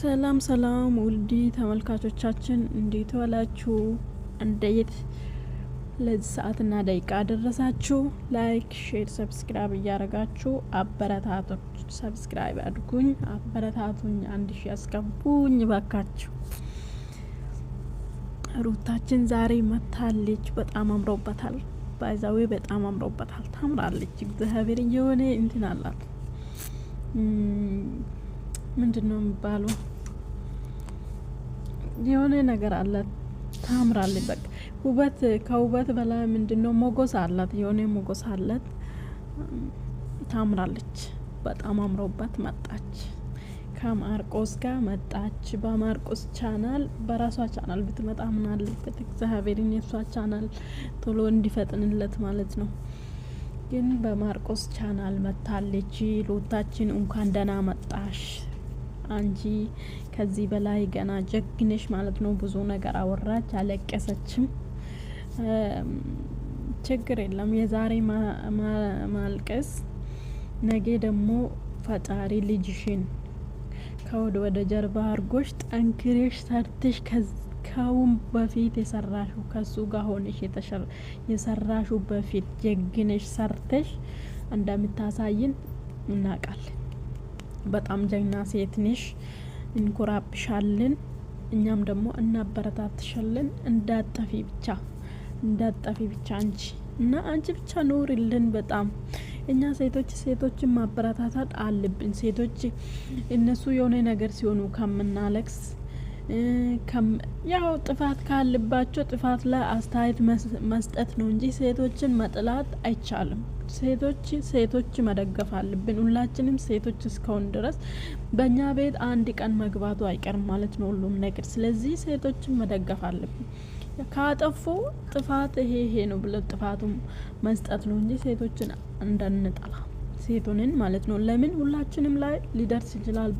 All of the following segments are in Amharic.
ሰላም ሰላም ውልዲ ተመልካቾቻችን እንዴት ዋላችሁ? እንዴት ለዚህ ሰዓትና ደቂቃ ደረሳችሁ? ላይክ፣ ሼር፣ ሰብስክራይብ እያደረጋችሁ አበረታቶች ሰብስክራይብ አድጉኝ፣ አበረታቱኝ፣ አንድ ሺ ያስገቡኝ ባካችሁ። ሩታችን ዛሬ መታለች። በጣም አምሮበታል። ባይዛዌ በጣም አምሮበታል። ታምራለች። እግዚአብሔር የሆነ እንትን አላት ምንድን ነው የሚባለው የሆነ ነገር አላት። ታምራለች። በቃ ውበት ከውበት በላይ ምንድን ነው ሞገስ አላት። የሆነ ሞገስ አላት። ታምራለች። በጣም አምሮባት መጣች። ከማርቆስ ጋር መጣች። በማርቆስ ቻናል በራሷ ቻናል ብትመጣ ምን አለበት? እግዚአብሔርን የሷ ቻናል ቶሎ እንዲፈጥንለት ማለት ነው። ግን በማርቆስ ቻናል መታለች። ሎታችን እንኳን ደህና መጣሽ አንቺ ከዚህ በላይ ገና ጀግነሽ ማለት ነው። ብዙ ነገር አወራች፣ አለቀሰችም። ችግር የለም። የዛሬ ማልቀስ ነገ ደግሞ ፈጣሪ ልጅሽን ከወደ ወደ ጀርባ አርጎሽ ጠንክሬሽ ሰርተሽ ከውን በፊት የሰራሹ ከሱ ጋር ሆነሽ የሰራሹ በፊት ጀግነሽ ሰርተሽ እንደምታሳይን እናውቃለን። በጣም ጀግና ሴት ነሽ፣ እንኮራብሻለን። እኛም ደግሞ እናበረታትሻለን። እንዳጠፊ ብቻ እንዳጠፊ ብቻ አንቺ እና አንቺ ብቻ ኖርልን። በጣም እኛ ሴቶች ሴቶችን ማበረታታት አለብን። ሴቶች እነሱ የሆነ ነገር ሲሆኑ ከምናለቅስ ያው ጥፋት ካለባቸው ጥፋት ላይ አስተያየት መስጠት ነው እንጂ ሴቶችን መጥላት አይቻልም። ሴቶች ሴቶች መደገፍ አለብን። ሁላችንም ሴቶች እስከሆን ድረስ በእኛ ቤት አንድ ቀን መግባቱ አይቀርም ማለት ነው ሁሉም ነገር። ስለዚህ ሴቶችን መደገፍ አለብን። ካጠፉ ጥፋት ይሄ ይሄ ነው ብለው ጥፋቱ መስጠት ነው እንጂ ሴቶችን እንደንጠላ ሴቶንን ማለት ነው። ለምን ሁላችንም ላይ ሊደርስ ይችላል፣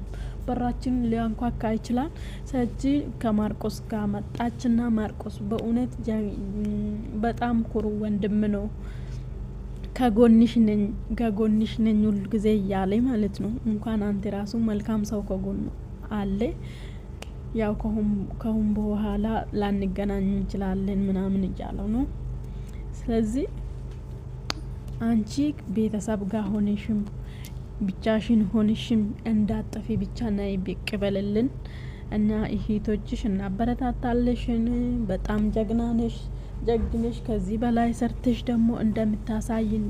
በራችን ሊያንኳካ ይችላል። ስለዚህ ከማርቆስ ጋር መጣችና ማርቆስ በእውነት በጣም ኩሩ ወንድም ነው ከጎንሽ ነኝ ከጎንሽ ነኝ ሁል ጊዜ እያለ ማለት ነው። እንኳን አንተ ራሱ መልካም ሰው ከጎን አለ። ያው ከሁን በኋላ ላንገናኝ እንችላለን ምናምን እያለው ነው። ስለዚህ አንቺ ቤተሰብ ጋር ሆነሽም ብቻሽን ሆንሽም እንዳጠፊ ብቻ ና ብቅ በልልን እና እህቶችሽ እናበረታታለሽን። በጣም ጀግና ነሽ፣ ከዚህ በላይ ሰርተሽ ደግሞ እንደምታሳይን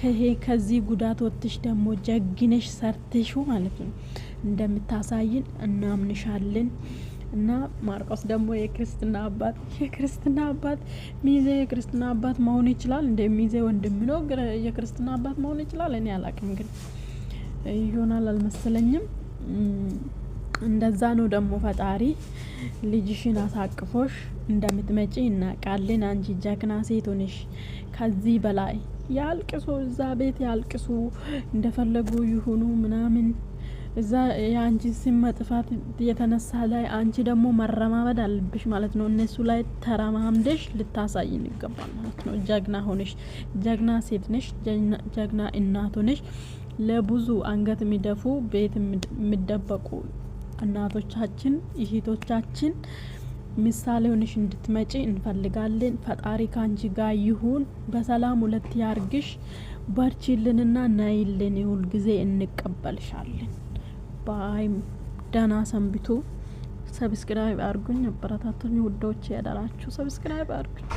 ከሄ ከዚህ ጉዳት ወጥሽ ደግሞ ጀግነሽ ሰርተሽ ማለት ነው እንደምታሳይን እናምንሻለን። እና ማርቆስ ደግሞ የክርስትና አባት የክርስትና አባት ሚዜ የክርስትና አባት መሆን ይችላል። እንደ ሚዜ ወንድም ነው ግን የክርስትና አባት መሆን ይችላል። እኔ አላቅም፣ ግን ይሆናል አልመሰለኝም። እንደዛ ነው ደግሞ ፈጣሪ ልጅሽን አሳቅፎሽ እንደምትመጪ እናቃለን። አንቺ ጀግና ሴት ሆነሽ ከዚህ በላይ ያልቅሱ፣ እዛ ቤት ያልቅሱ፣ እንደፈለጉ ይሁኑ ምናምን እዛ የአንቺ ስም መጥፋት የተነሳ ላይ አንቺ ደግሞ መረማመድ አለብሽ ማለት ነው። እነሱ ላይ ተረማምደሽ ልታሳይን ይገባል ማለት ነው። ጀግና ሆነሽ፣ ጀግና ሴት ነሽ፣ ጀግና እናት ሆነሽ ለብዙ አንገት የሚደፉ ቤት የሚደበቁ እናቶቻችን እህቶቻችን ምሳሌ ሆነሽ እንድትመጪ እንፈልጋለን። ፈጣሪ ካንቺ ጋር ይሁን። በሰላም ሁለት ያርግሽ። በርቺልንና ናይልን ጊዜ እንቀበልሻለን። ባይ ደህና ሰንብቱ። ሰብስክራይብ አርጉኝ፣ አበረታቱኝ ውዶች። ያደራችሁ ሰብስክራይብ አርጉኝ።